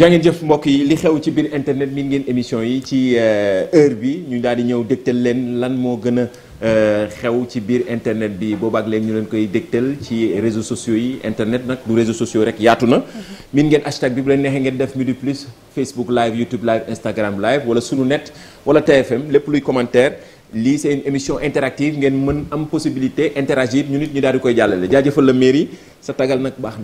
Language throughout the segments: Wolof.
jàngeen jëf mbokk yi li xew ci biir internet mi ngeen émission yi ci euh, heure bi ñu daal di ñëw dégtal leen lan moo gën a euh, xew ci biir internet bi boobaak leen ñu leen koy dégtal ci réseaux sociaux yi internet nag du réseaux sociaux rek yaatu na. min mm-hmm. ngeen hashtag bi bu leen neexee ngeen def Midi Plus Facebook live YouTube live Instagram live wala sunu net wala TFM lépp luy commentaire lii seen émission interactive ngeen mën am possibilité interagir ñu nit ñu daal di koy jàllale jaajëfal la mairie sa tagal nag baax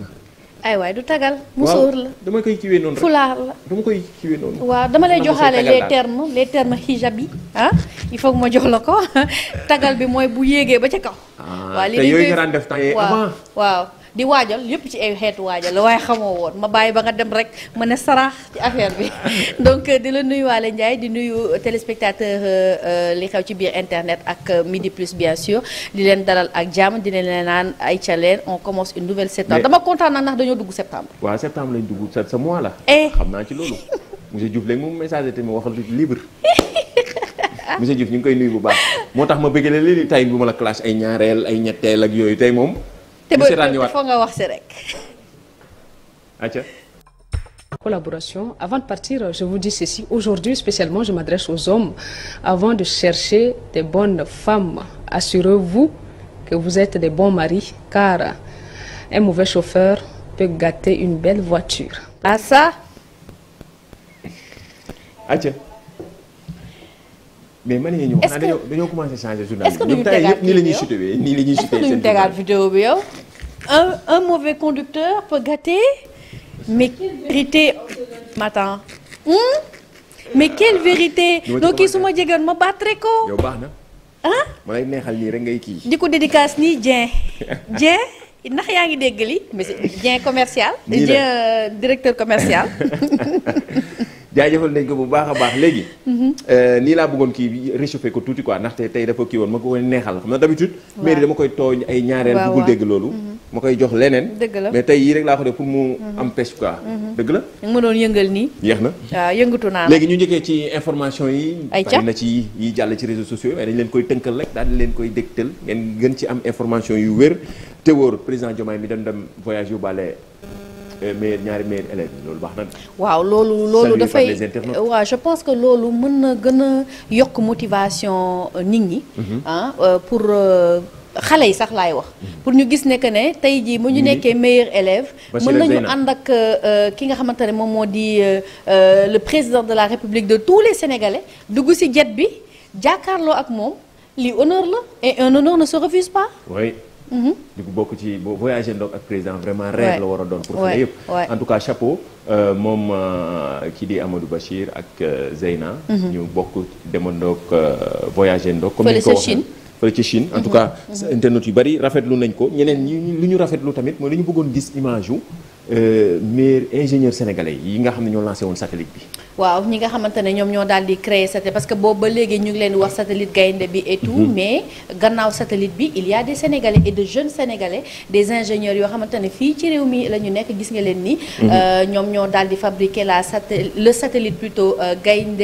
ay waaye du tagal. musóor la dama koy kiwee noonu rek fulaar la dama koy kiwee noonu. waaw dama lay joxaale les termes les termes hijab yi ah il faut que ma jox la ko tagal bi mooy bu yéegee ba ca kaw. Ah, waaw li yooyu nga daan def temps waaw waaw. di waajal yëpp ci ay xeetu waajal la waaye xamoo woon ma bàyyi ba nga dem rek ma ne saraax ci affaire bi donc euh, di la nuyuwaale Ndiaye di nuyu téléspectateur euh, euh, li xew ci biir internet ak midi plus bien sûr di leen dalal ak jàmm di leen naan ay ca leen on commence une nouvelle septembre dama kontaan na ndax dañoo dugg septembre. waaw septembre lañ dugg sa sa mois la. Eh. xam naa ci loolu monsieur Diouf léegi moom message tamit waxal libre. monsieur Diouf ñu ngi koy nuyu bu baax moo tax ma bëggee léegi tey bu ma la classe ay ñaareel ay ñetteel ak yooyu tey moom. te ba foo Avant de partir, je vous dis ceci. Aujourd'hui, spécialement, je m'adresse aux hommes. Avant de chercher des bonnes femmes, assurez-vous que vous êtes des bons maris, car un mauvais chauffeur peut gâter une belle voiture. mais man ñi wax naa dañoo commencé changer journal bi ñoom tey yëpp nii la ñuy chuté nii la ñuy chuté seen tegaat bi yow un un mauvais conducteur peut gâter mais quelle vérité matin mais quelle vérité doo kii su ma jegoon ma baat rek ko yow baax na ah ma lay neexal nii rek ngay kii di ko dédicace nii Dieng Dieng ndax yaa ngi dégg li mais commercial Dieng euh, directeur commercial jaajëfal nañ ko bu baax a baax léegi. Mhm. Euh, nii laa bëggoon kii réchauffé ko tuuti quoi ndaxte tey dafa kii woon ma ko koy neexal xam na d'habitude. waaw mairie dama koy tooñ ay ñaareel. bëggul dégg loolu. Mhm. ma koy jox leneen. mais tey yii rek laa ko def pour mu mhm. am pêche quoi. dëgg la. ma doon yëngal nii. yeex na waaw yëngatu naa léegi ñu njëkkee ci information yi. ay ca na ci yi jàll ci réseaux sociaux yi mais dañu leen koy tënkal rek daal di leen koy dégtal ngeen gën ci am information yu wér te wóor président Diomaye mi dem dem voyage yóbbaale meilleur ñaari meilleur waaw loolu loolu dafay waaw je pense que loolu mën na gën a yokk motivation euh, nit ñi. Mhm. ah euh, pour. Euh, xale yi sax laay wax mhm. pour ñu gis ne que ne tey jii bu ñu mhm. nekkee meilleur élève mën nañu ànd ak ki nga xamante ne moom moo di le président de la république de tous les sénégalais dugg ci jet bi jàkkaarloo ak moom li honneur la et un honneur ne se refuse pas Mm-hmm. di ko bokk ci boo voyagé ndoog ak président vraiment rêve la war a doon pour xale yëpp en tout cas chapeau euh, moom euh, kii di Amadou Bachir ak euh, Zeyna mm-hmm. ñu bokk demandoog voyagé ndoog comme ni ko waxee fële ci Chine en tout mm-hmm. cas internet yu bari rafetlu nañ ko ñeneen ñi lu ñu rafetlu tamit mooy li ñu bëggoon gis image yu meilleur ingénieur sénégalais yi nga xam ne ñoo lancé woon satellite bi waaw ñi nga xamante ne ñoom ñoo daal di créer satellite parce que boobu ba léegi ñu ngi leen di wax satellite gaynde bi et tout mhm. mais gannaaw satellite bi il y des sénégalais et de jeunes sénégalais des ingénieurs yoo xamante ne fii ci réew mi la ñu nekk gis nga leen ni. Mhm. Euh, ñoom ñoo daal di fabriquer la satel le satellite plutôt euh, gaynde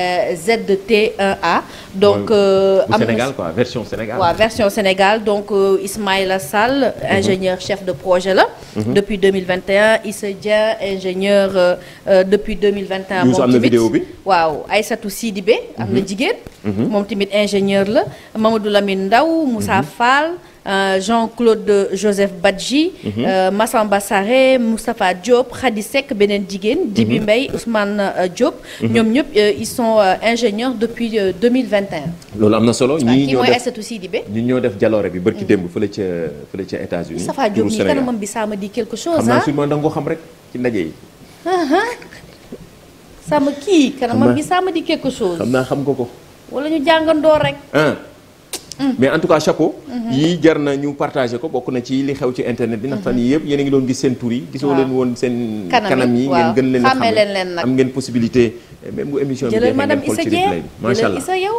euh, ZT1A. E donc am Sénégal quoi version Sénégal. waaw version Sénégal donc Ismaïla Sall. Mhm. ingénieur chef de projet la. depuis 2021 Issa Dia ingénieur depuis 2021. moom am na vidéo bi waaw Aïssatou Sidibé am na mhm. jigéen mhm. moom tamit ingénieur la Mamadou Lamine Ndaw Moussa mhm. Fall euh, Jean-Claude Joseph Badji euh, Massamba Saré Moustapha Diop Khady Seck beneen jigéen Dibi Mbaye Ousmane euh, Diop ñoom ñëpp ils sont ingénieurs depuis 2021 loolu am na solo ñii ñoo def Aïssatou Sidibé ñi ñoo def jaloore bi bërki démb fële ca fële ca États-Unis Moustapha Diop ñi kanamam bi ça me dit quelque chose ah xam naa sûrement da nga ko xam rek ci ndaje yi ah, ah. sama kii kanamam bi sama di quelque chose. xam naa xam nga ko. wala ñu jàngandoo rek. Ah. Mm. mais en tout cas chapeau. Mhm. yii jar na ñu partage ko bokk na ci li xew ci internet bi. ndax mhm. fan yii yëpp yéen ngi doon gis seen tur yi. gisoo leen woon seen. kanam yi ngeen gën leen a ngeen possibilité. Eh, même bu émission bi jeexee ngeen xool ci replay bi macha allah jëlal yow.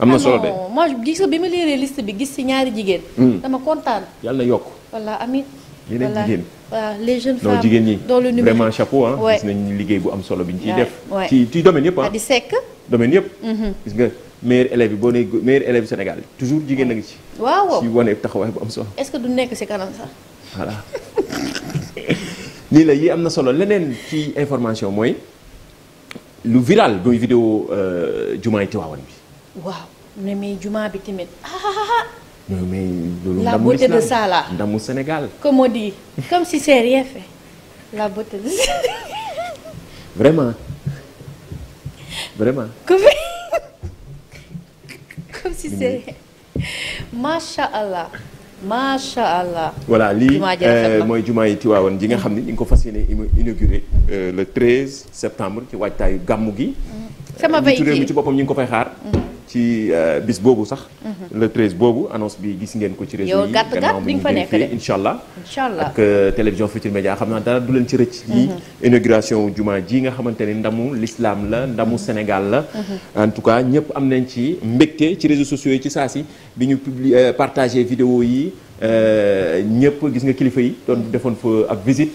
am na ah, solo de moi gis bi ma léeree liste bi gis si ñaari jigéen. Mm. dama kontaan. yàlla na yokk. walla amiin. yeneen jigéen voilà les jeunes femmes non jigéen ñi vraiment chapeau ah. gis nañ liggéey bu am solo bi ñu ciy def. ci ci domaine yëpp ah. di sekk domaine yëpp. Mhm. gis nga meilleur élève bi boo nee meilleur élève Sénégal toujours jigéen na ngi ci. waaw ci taxawaay bu solo. est-ce que du nekk ci voilà nii la yi am na solo leneen ci information mooy lu viral mooy vidéo euh, jumaay Tiwaawan bi. waaw ne mais jumaa bi tamit. Ah, ah, ah, non mais loolu la beauté de ça là ndamu Sénégal. comme on comme si c'est rien la beauté de ça. vraiment vraiment. comme comme si c'est macha allah. macha allah. voilà lii euh, mooy jumaa yi Tiwaawan ji nga xam ne ñu ngi ko fas yéene inauguré euh, le 13 septembre ci waajtaayu gàmmu gi. Mm. sama bay euh, ci boppam ñu ngi ko fay xaar. Mm. ci euh, bis boobu sax. Mhm. le 13 boobu annonce bi gis ngeen ko ci réseau yi. gannaaw mi ngi leen fi incha allah. ak euh, télévision Futurs Médias xam naa dara du leen ci rëcc. yi mhm. inauguration jumaa ji nga xamante ne ndamu lislaam la ndamu mhm. Sénégal la. en tout cas ñëpp am nañ ci mbégte ci réseaux sociaux yi ci saa si bi ñu publier euh, partagé vidéo yi ñëpp gis nga kilifa yi doon defoon fa ak visite.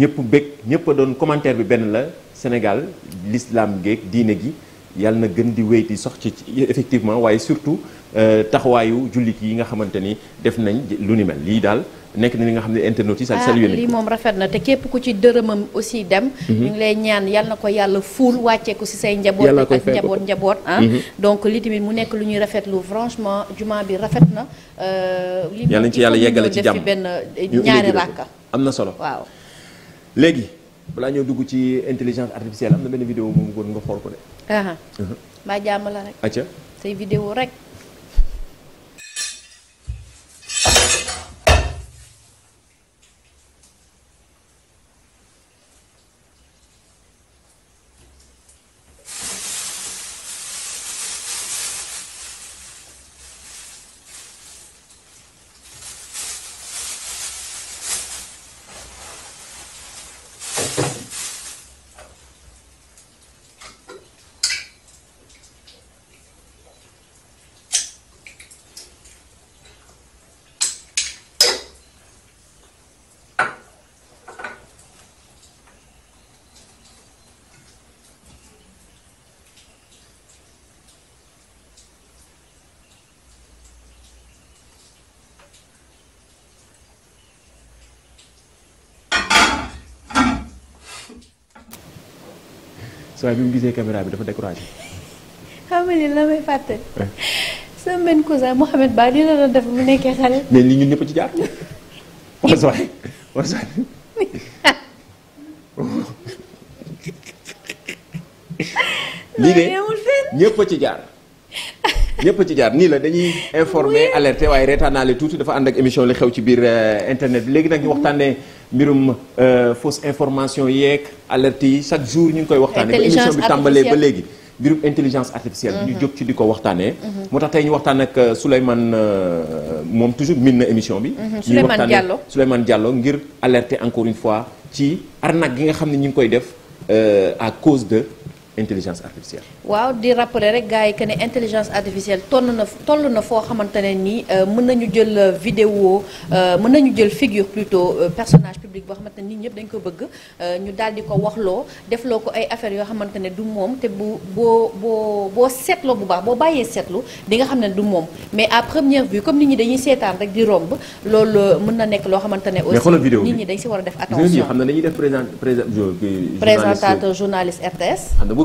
ñëpp bég ñëpp doon commentaire bi benn la Sénégal lislaam géeg diine gi. yàlla na gën di wéy di sox ci effectivement waaye surtout euh, taxawaayu jullit yi nga xamante ni def nañ lu ni mel lii daal nekk na li nga xam ne internet yi sa salué nañ ah, lii moom rafet na te képp ku ci dërëmam aussi dem mhm. ñu ngi lay ñaan yal ko yàlla fuul wàcceeku si say njaboot ak njaboot njaboot ah mhm. donc li mu nekk lu ñuy rafetlu franchement juma bi rafet na euh, li yàlla nañ ci yàlla yeggale ci jàmm benn ñaari ràkka am na solo waaw léegi balaa ñoo dugg ci intelligence artificielle am na benn vidéo moom ngoon nga xool ko de mbaa jàmm la rek. acca say vidéo waaye bi mu gisee caméra bi dafa découragé. xam nga ni la may fàttali. sama benn cousin Mouhamed Ba lii la doon mu nekkee xale. lii ñëpp ci jaar wala sa de ñëpp ci jaar ñëpp ci jaar nii la dañuy informer alerter waaye reetaanaale tuuti dafa ànd ak émission li xew ci biir euh, internet bi léegi nag ñu waxtaanee. mbirum euh, fausse information yeeg alerte yi chaque jour ñu ngi koy waxtaanee. ba bi tàmbalee ba léegi. mbirum intelligence artificielle bi mm-hmm. ñu jóg ci di ko waxtaanee. Mm-hmm. moo tax tey ñu waxtaan ak euh, Souleymane euh, moom toujours min na émission bi. Mm-hmm. Souleymane Diallo Souleymane Diallo ngir alerter encore une fois ci arnaque gi nga xam ne ñu ngi koy def à cause de. intelligence artificielle. waaw di rappeler rek gars yi que ne intelligence artificielle na toll na foo xamante ne nii euh, mën nañu jël euh, vidéo euh, mën nañu jël figure plutôt personnage public boo xamante ne nit ñëpp dañ ko bëgg ñu daal di ko waxloo defloo ko ay affaires yoo xamante ne du moom te bu boo boo boo seetloo bu baax boo bàyyee seetlu di xam ne du moom mais à première vue comme nit ñi dañuy seetaan rek di romb loolu mën na nekk loo xamante aussi nit ñi dañ si war a def attention présentateur journaliste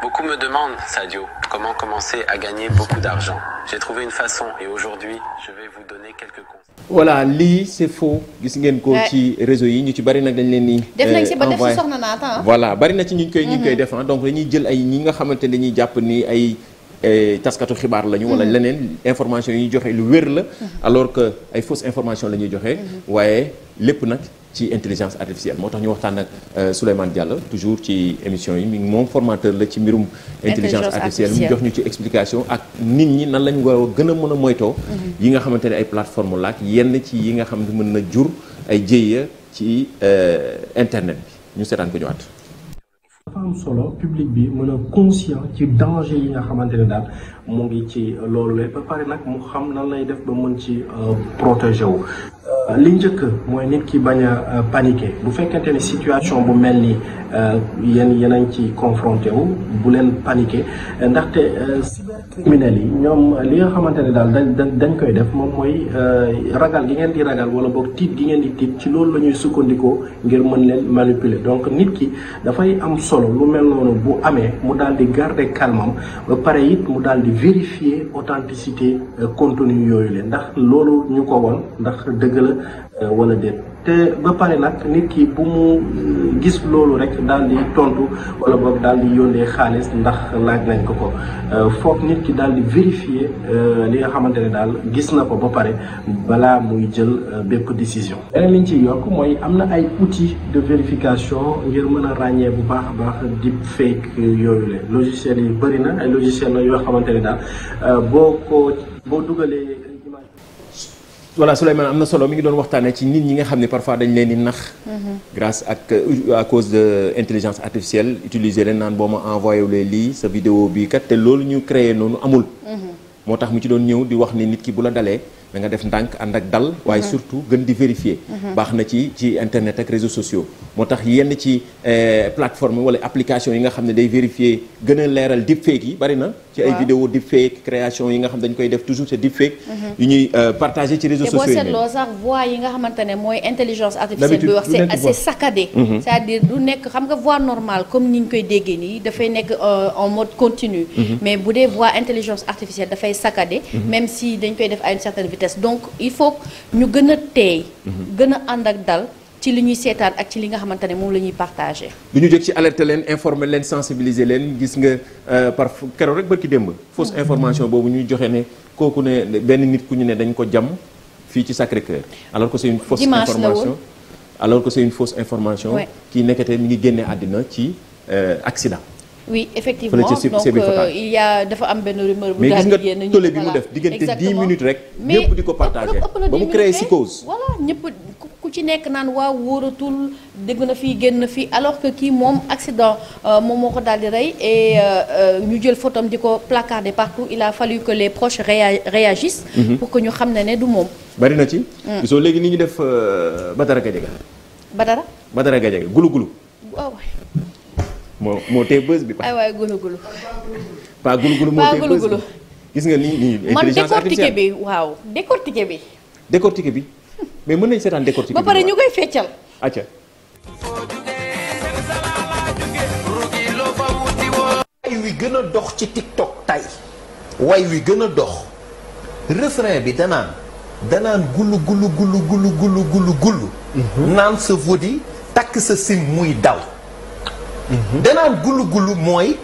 Beaucoup me demandent, Sadio, comment commencer à gagner beaucoup d'argent. J'ai trouvé une façon et aujourd'hui, je vais vous donner quelques conseils. voilà lii c'est faux gis ngeen ko ci réseau yi ñu ci bari nag dañ leen nii def nañ si ba euh, def si soxna naata voilà bari na ci ñu koy ñu mhm. koy def donc dañuy jël ay ñi nga xamante ne dañuy jàpp nii ay. taskatu xibaar lañu. wala mhm. leneen information yi ñuy joxe lu wér la. Mhm. alors que ay fausses information la ñuy joxe. waaye lépp nag. ci intelligence artificielle moo tax ñu waxtaan ak euh, Souleymane Diallo toujours ci émission yi moom formateur la ci mbirum intelligence artificielle mu jox ñu ci explication ak nit ñi nan lañ war a gën a mën a moytoo mm-hmm. yi nga xamante ne ay plateforme laak yenn ci yi nga xam ne mën na jur ay jéeya ci euh, internet bi ñu seetaan ko ñëwaat dafa am solo public bi mën a conscient ci danger yi nga xamante ne daal mu ngi ci loolu lay ba pare nag mu xam nan lay def ba mën ci euh, protéger wu. Euh, li njëkk mooy nit ki bañ a euh, paniquer bu fekkente ne situation bu mel ni yéen yéen a ci confronté wu bu leen paniquer ndaxte. criminels yi ñoom li nga xamante ne daal dañ dañ koy def moom mooy euh, ragal gi ngeen di ragal wala boog tiit gi ngeen di tiit ci loolu la ñuy sukkandikoo ngir mën leen manipuler donc nit ki dafay am solo lu mel noonu bu amee mu daal di garder calmam ba pare it mu daal di vérifier authenticité euh, contenu yooyu leen ndax loolu ñu ko woon ndax dëgg la euh, wala déet. te ba pare nag nit ki bu mu euh, gis loolu rek daal di tontu wala boog daal di yónnee xaalis ndax laaj nañ ko ko euh, foog nit ki daal di vérifier euh, li nga xamante ne daal gis na ko ba pare balaa muy jël bépp décision. beneen li ñu ciy yokk mooy am na ay outils de vérification ngir mën a ràññee bu baax a baax di fake yooyu la logiciel yi bëri na ay logiciel la yoo xamante ne daal boo ko boo dugalee. voilà Souleymane am na solo mi ngi doon waxtaanee ci nit ñi nga xam ne parfois dañ leen di nax. Mhm. grâce ak euh, à cause de intelligence artificielle utiliser leen naan boo ma envoyé wulee lii sa vidéo bi kat te loolu ñu créé noonu amul. Mhm. moo tax mu ci doon ñëw di wax ni nit ki bu la dalee da nga def ndànk ànd ak dal. Mhm. waaye surtout gën di vérifier. baax na ci ci internet ak réseaux sociaux. moo tax yenn ci euh, plateforme wala application yi nga xam ne day vérifier. gën a leeral deepfake yi bari na. ci ay vidéo deepfake création yi nga xam dañ koy def toujours c'est deepfake. Mm-hmm. yu ñuy euh, partagé ci réseaux sociaux yi. te boo seetloo sax voix yi nga xamante ne mooy intelligence artificielle bi wax c'est assez saccadé. Mm-hmm. dire du nekk xam nga voix normale comme ni ñu koy déggee nii dafay nekk euh, en mode continu. Mm-hmm. mais bu dee voix intelligence artificielle dafay saccadé. meme si dañ koy def ay une certaine vitesse donc il faut ñu gën a teey. gën ànd ak dal. ci li ñuy seetaan ak ci li nga xamante ne moom la ñuy partagé. du ñu jóg ci alerter leen informer leen sensibiliser leen gis nga euh, par keroog rek barki démb. fausse mm-hmm. information boobu ñuy joxe ne kooku ne benn nit ku ñu ne dañ ko jam fii ci Sacré Cœur. alors que c'est une fausse information alors que c'est une information. kii nekkate mi ngi génne àddina ci euh, accident. oui effectivement donc euh, il y a dafa am benn rumeur bu daal di génn mais gis tole bi mu def diggante 10 minutes rek. ñëpp di ko partagé ba mu créé psychose. lu ci nekk naan waaw wóoratul dégg na fii génn fii alors que kii moom accident euh, moom moo ko daal rey et euh, euh, ñu jël photom di ko placardé partout il a fallu que les proches réagissent mhm. pour que ñu xam ne ne du moom bari na ci mm. gisoo léegi ni ñu def Badara Gadiaga Badara Badara Gadiaga gulu gulu moo moo bës bi ay waay gulu gulu pas gulu gulu moo tee bës bi gis nga ni ni intelligence bi waaw décortiqué bi décortiqué bi mais mën nañ seetaan décortique ba pare ñu koy feccal acca way wi gën a dox ci TikTok tay way wi gën a dox refrain bi danaan danaan gulu gulu gulu gulu gulu gulu mhm. naan sa vodi takk sa sim muy daw mhm. danaan gulu gulu mooy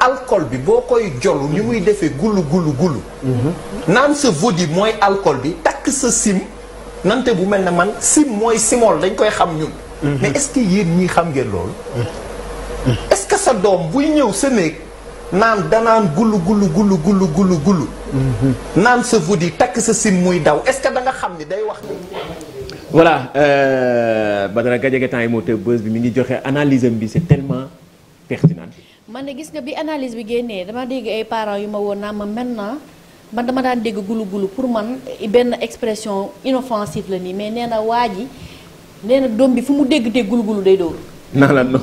alcool bi boo koy jolu ñu muy mhm. defee gulu gulu gulu naan sa vodi mooy alcool bi takk sa sim nante bu mel na man sim mooy simol dañ koy xam ñun. Mhm. mais est-ce que yéen ñii xam ngeen loolu. Mhm. Mhm. est que sa doom buy ñëw sa néeg naan danaan gullu gullu gullu gullu gullu naan sa vodi takk sa sim muy daw est-ce que da nga xam ni day wax. voilà euh, Badara Gadiaga temps yi moo bi mi ngi joxe analyse am bi c'est tellement man de gis nga bi analyse bi génnee dama dégg ay parents yu ma woon naa ma maintenant. man dama daan dégg gulu gulu pour man benn expression inoffensive la nii mais nee na waa ji nee na doom bi fu mu dégg te gulu gulu day dóor. naa la non.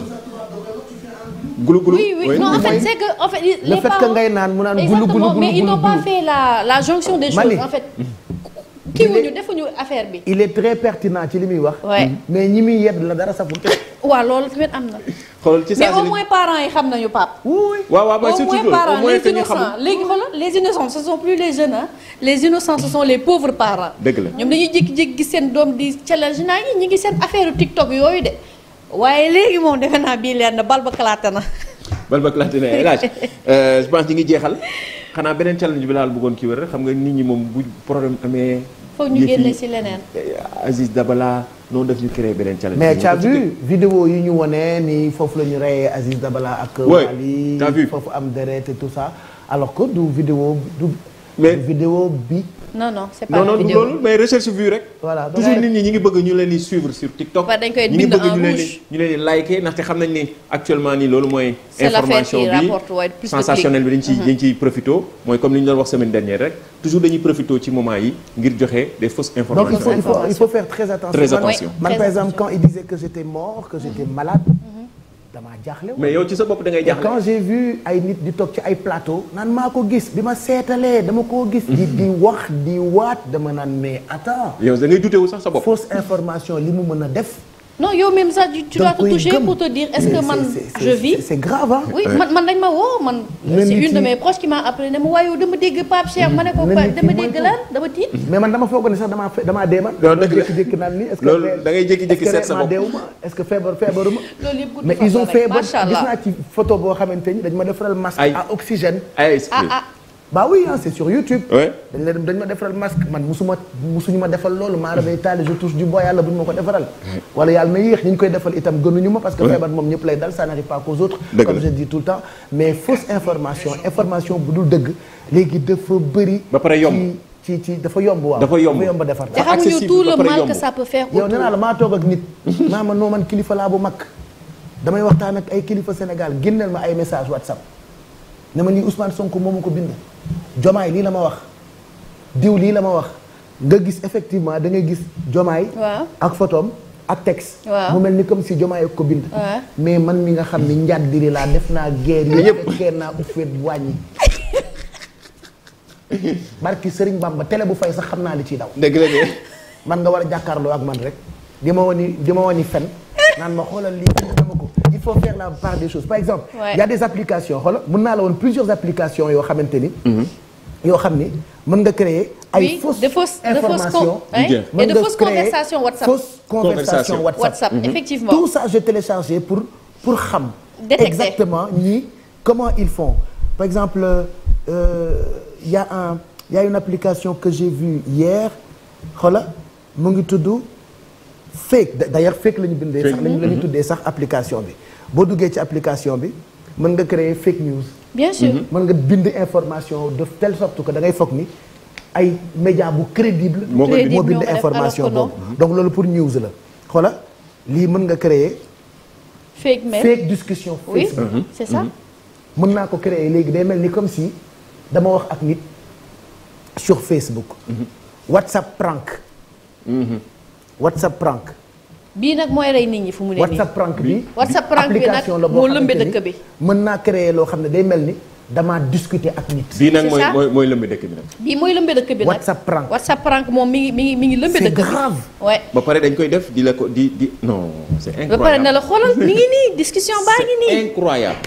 gulu gulu oui oui non en fait c'est que en fait. le fait que ngay naan mu naan gulu gulu gulu mais ils n'ont pas fait la la jonction des choses en fait. Mm-hmm. kii affaire bi. il est très pertinent ci li muy wax. Mm-hmm. mais ñi muy yedd la dara saful. waaw loolu tamit am na. xoolal ci saa mais au moins parents yi xam nañu Pape. oui waaw waaw surtout au moins parents les innocents léegi xoolal les innocents ce sont plus les jeunes les innocents ce sont les pauvres parents. dëgg la ñoom dañuy jékki-jékki gis seen doom di challenge naa yi ñu ngi seen affaire TikTok yooyu de waaye léegi moom defe naa bii na bal ba kalaate na. bal ba kalaate na El Hadj euh, je pense ñu ngi jeexal xanaa beneen challenge bi laal bëggoon kii wër rek xam nga nit ñi moom bu problème amee. foog ñu génne si leneen. Aziz Dabala noonu daf ñu créé beneen challenge. mais t'as vu vidéo yu ñu wone nii foofu la ñu reyee Aziz Dabala ak. Wally foofu am deret et tout ça alors que du vidéo du. du vidéo bi. non non loolu mais recherche vue rek. toujours nit ñi ñi ngi bëgg ñu leen suivre sur TikTok. dañ en rouge ñu ngi bëgg ñu leen di ñu leen di xam nañ ne actuellement nii loolu mooy. information bi sensationnel bi dañ ciy mhm. dañ ciy profité. mooy comme li ñu doon wax semaine dernière rek toujours dañuy profité ci moment yi ngir joxe des fausses informations. donc il par exemple quand il disait que j'étais mort que j'étais mhm. malade. Mhm. damaa jaaxle mais yow ci sa bopp dangay ngay jaaxle quand j'ai vu ay nit di toog ci ay plateau naan maa ko gis bi ma seetalee dama koo gis di di wax di waat dama naan mais attends yow da ngay jutewu sax sa bopp fausse information li mu mën a def non yow même ça tu dois te toucher pour te dire est-ce que man je vis c'est grave ah oui man man dañ ma woo man c'est une de mes proches qui m'a appelé ne waaye yow dama dégg Pape Cheikh ma ne ko dama dégg lan dama tiit mais man dama foogoon ne sax damaa damaa dee man jékki-jékki naan nii est-ce que da ngay jékki-jékki seet sa bopp deewuma est-ce que feebar feebaruma loolu yëpp mais ils ont fait ba gis naa ci photo boo xamante ni dañ ma defaral masque à oxygène bah oui hein, c'est sur YouTube. oui dañ leen dañ ma defaral masque man musuma musuñu ma defal loolu maa damay taali je touche du bois yàlla buñ ma ko defaral. wala yàlla na yéex ñu ñu koy defal itam gënuñu ma. parce que feebar moom ñëpp lay dal ça n'arrive pas qu'aux autres. comme je dis tout mais fausse information information bu dul dëgg léegi dafa bëri. ba pare yomb ci ci dafa yomb waaw. dafa yomb dafa yomb defar. te xamuñu tout le mal que la maa toog ak nit. Hmm. maa ma noo man kilifa laa bu mag. damay waxtaan ak ay kilifa Sénégal génneel ma ay message WhatsApp ne ma nii Ousmane Sonko moomu ko bind jomaay lii la ma wax diw lii la ma wax nga gis effectivement da ngay gis jomaay ak photom ak texte mu mel ni comme si jomaay ak ko bind mais man mi nga xam ni njàddiri laa def naa guerre yi yëpp fekkee naa uffeet wàññi barki Sëriñ Bamba tele bu fay sax xam naa li ciy daw de man nga war a jàkkaarloo ak man rek di ma woni di ma woni fen naan ma xoolal lii dama ko il faut faire la part des choses par exemple il y a des applications xoolal mën naa la woon plusieurs applications yoo xamante ni mhm. yoo xam ni mën nga créer ay fausses informations mën nga créer fausse conversation WhatsApp mhm. effectivement tout ça j'ai téléchargé pour pour xam exactement ñi comment ils font par exemple euh, il y a un il y a une application que j'ai vue hier xoola mu ngi tudd fake d'ailleurs fake la ñu bindee sax la ñu mhm. tuddee sax application bi boo duggee ci application bi mën nga créer fake news bien mm-hmm. mën nga bind information de telle sorte que da ngay foog ni ay média bu crédible moo bind information boobu donc loolu pour news la xoola lii mën nga crée fake mail fake mm-hmm. mm-hmm. mën naa ko créer léegi day mel ni comme si dama wax ak nit sur Facebook WhatsApp prank WhatsApp prank bii nag mooy rey nit ñi fu mu ne nii whatsapp prank bi whatsapp prank bi nag moo lëmbe dëkk bi mën naa créer loo xam ne day mel ni damaa discuter ak nit. bii nag mooy mooy mooy lëmbe dëkk bi nag. mooy lëmbe dëkk bi nag whatsapp prank whatsapp prank moom mi ngi mi ngi mi ngi lëmbe dëkk bi c'est grave. ouais ba pare dañ koy def di la ko di di non c'est incroyable ba pare ne la xoolal mi ngi nii discussion baa ngi nii. c'est incroyable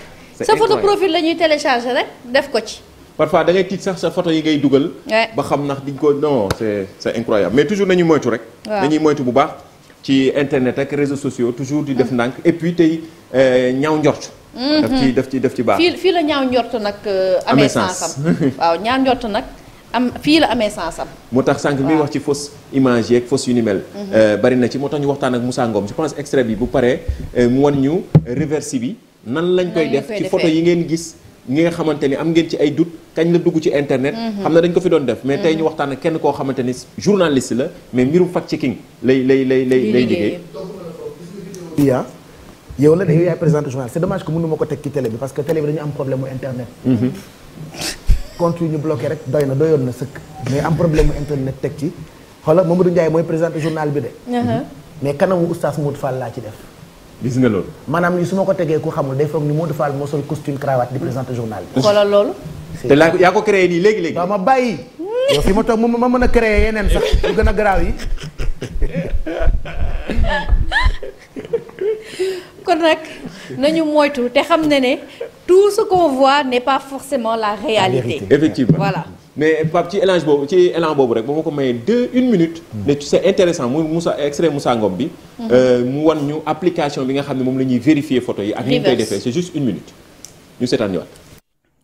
sa photo profil la ñuy télécharger rek def ko ci. parfois da ngay tiit sax sa photo yi ngay dugal. ba xam ndax diñ ko non c'est c'est mais toujours nañu moytu rek. waaw nañuy moytu bu baax ci internet ak réseaux sociaux toujours di def mm. ndànk et puis tey euh, ñaaw njort. Mm-hmm. daf ci daf ci def ci baax. fii fii la ñaaw njort nag. Euh, amee sansam waaw ñaaw njort nag. am fii la amee sansam moo tax sànq mi wax ci fausse image yeeg fausse yu ni mel. Mm-hmm. Euh, na ci moo tax ñu waxtaan ak Moussa Ngom je pense extrait bi bu paree mu wan ñu réversi bi. nan lañ koy def ci photo yi ngeen gis. ñi nga xamante ni am ngeen ci ay doute kañ la dugg ci internet. Mhm. xam na dañ ko fi doon def mais tey ñu mhm. waxtaan ak kenn koo xamante ni journaliste la mais mbirum fact checking lay lay lay lay lay liggéey. yaa yow la de yow yaay présenté journal c'est dommage que mënu ma ko teg ci télé bi parce que télé bi dañu am problème mu internet. Mhm. compte yu ñu bloqué rek doy na yoon na sëkk. mais am problème mu internet teg ci xoolal Mamadou Ndiaye mooy présenté journal bi de. Uh-huh. mais kanamu oustaz Modou Fall laa ci def. gis nga loolu. maanaam ni su ma ko tegee ku xamul day foog ni Modou Fall moo sol costume cravate di présenter journal bi. xoolal loolu. te laa ko yaa ko créé nii léegi léegi. waaw ma bàyyi. yow fi ma toog ma mën a créé yeneen sax lu gën a garaaw yi. kon nag nañu moytu te xam ne ne tout ce qu'on voit n'est pas forcément la réalité. voilà. mais Pape ci élange boobu ci élan boobu rek ba ma ko mayee deux une minute. Hmm. ne c'est intéressant mu Moussa extrait Moussa Ngom bi. Hmm. Euh, mu wan ñu application bi nga xam ne moom la ñuy vérifier photo yi. ak ni ñu koy defee c'est juste une minute ñu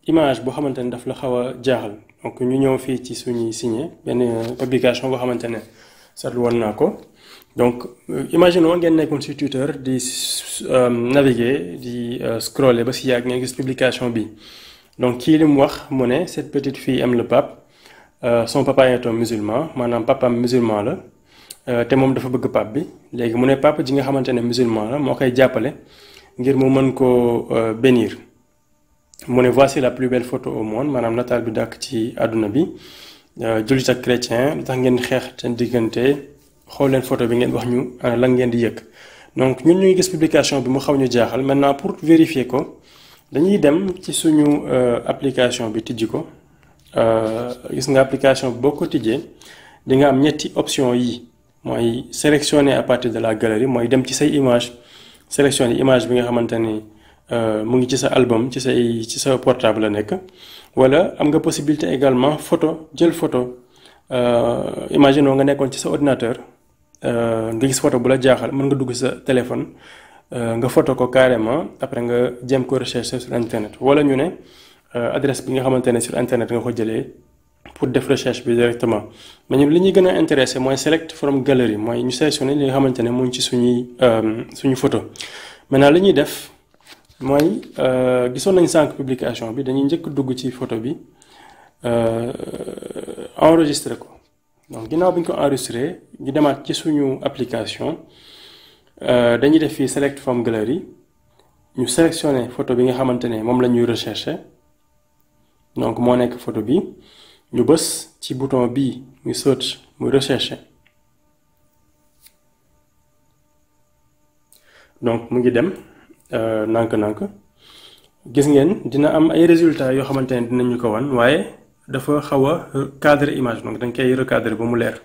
image boo xamante ne daf la xaw a jaaxal donc ñu ñëw fii ci suñuy signé benn euh, publication boo xamante ne seetlu woon naa ko donc euh, imagine woon ngeen nekkoon si Twitter di naviguer di scroller ba si yàgg ngeen gis publication bi. donc kii li mu wax mu ne cette petite fille aime le pape euh, son papa est musulman maanaam papaam musulman la euh, te moom dafa bëgg pape bi léegi mu ne papa ji nga xamante ne musulman la moo koy jàppale ngir mu mën koo euh, bénir mu ne voici la plus belle photo au monde maanaam nataal bi dàkk ci àdduna bi euh, jullit ak chrétien lu tax ngeen xeex seen diggante xool leen photo bi ngeen wax ñu lan ngeen di yëg donc ñun ñuy gis publication bi mu xaw ñu jaaxal maintenant pour vérifier ko. dañuy dem ci suñu euh, application bi tijji ko euh, gis nga application boo ko tijjee di nga am ñetti option yi mooy sélectionner à partir de la galerie mooy dem ci say image sélectionner image bi nga xamante ni euh, mu ngi ci sa album ci say ci sa portable la nekk wala am nga possibilité également photo jël photo imaginons nga nekkoon ci sa ordinateur nga gis photo bu la jaaxal mën nga dugg sa téléphone Euh, nga photo ko carrément après nga jëm ko recherche sur internet wala ñu ne euh, adresse bi nga xamante ne sur internet nga ko jëlee pour def recherche bi directement ma ñun li ñuy gën a intéressé mooy select from gallery mooy ñu sélectionné li nga xamante ne mu ci suñuy euh, suñu photo maintenant li ñuy def mooy gisoon nañ sànq publication bi dañuy njëkk dugg ci photo bi enregistré ko donc ginnaaw bi ñu ko enregistré ñu demaat ci suñu application. Euh, dañuy def fii select from gallery ñu sélectionné photo bi nga xamante ne moom la ñuy recherché donc moo nekk photo bi ñu bës ci bouton bii ngi search muy recherche donc mu ngi dem euh, nànk nank gis ngeen dina am ay résultats yoo xamante ne dinañu ko wan waaye dafa xaw a cadre image donc dañ koy recadrer ba mu leer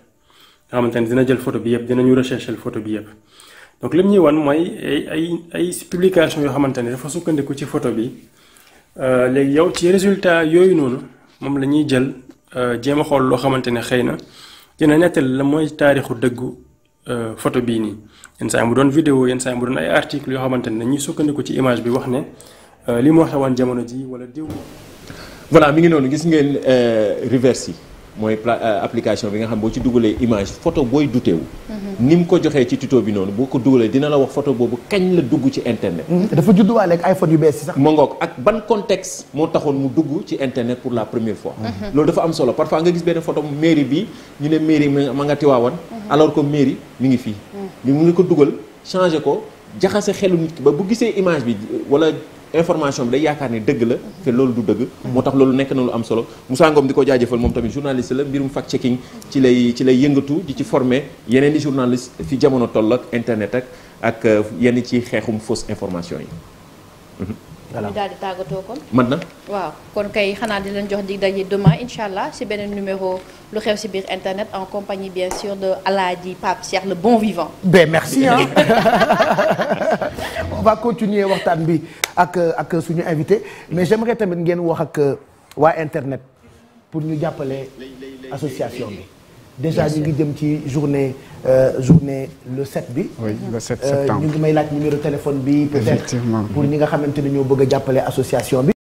nga xamante ne dina jël photo bi yëpp dinañu rechercher photo bi yëpp donc lim ñuy wan mooy ay ay ay publication yoo xamante ne dafa sukkandiku ci photo bi euh, léegi yow ci résultat yooyu noonu moom lañuy ñuy jël euh, jéem a xool loo xamante ne xëy na dina nettali la mooy taarixu dëggu euh, photo bii nii yenn saa mu doon vidéo yenn saa mu doon ay article yoo xamante ne dañuy sukkandiku ci image bi wax ne li moo xewoon jamono ji wala diw. voilà mi ngi noonu gis ngeen reverse yi. mooy euh, application bi nga xam boo ci dugalee image photo booy dutewu mhm. ni mu ko joxee ci tuto bi noonu boo ko dugalee dina la wax photo boobu kañ la dugg ci internet. Mhm. dafa judduwaale ak iPhone yu bees yi sax. ma ngoog ak ban contexte moo taxoon mu dugg ci internet pour la première fois. Mhm. loolu dafa am solo parfois nga gis benn photo mairie bi ñu ne mairie ma nga tiwaawan alors que mairie mi ngi fii. ñu ngi ko dugal changé ko jaxase xelu nit ki ba bu gisee image bi wala. information bi day yaakaar ni dëgg la te loolu du dëgg moo tax loolu nekk na lu am solo Moussa di ko jaajëfal moom tamit journaliste la mbirum fact checking ci lay ci lay yëngatu di ci former yeneen i journaliste fi jamono toll ak internet ak yenn ci xeexum fausse information yi voilà daal di tàggatoo kon. mën na waaw kon kay xanaa di leen jox dig daje demain incha allah si beneen numéro lu xew si biir internet en compagnie bien sûr de Alaaji Pape Cheikh le bon vivant. ben merci hein. on va continuer waxtaan bi ak ak suñu invité mais j'aimerais tamit ngeen wax ak euh, waa internet pour ñu jàppale association bi. déjà ñu ngi jëm ci journée euh, journée le 7 bi. oui euh, ñu ngi may laaj numéro téléphone bi. peut-être pour ñi nga xamante ne ñoo bëgg a jàppale association bi.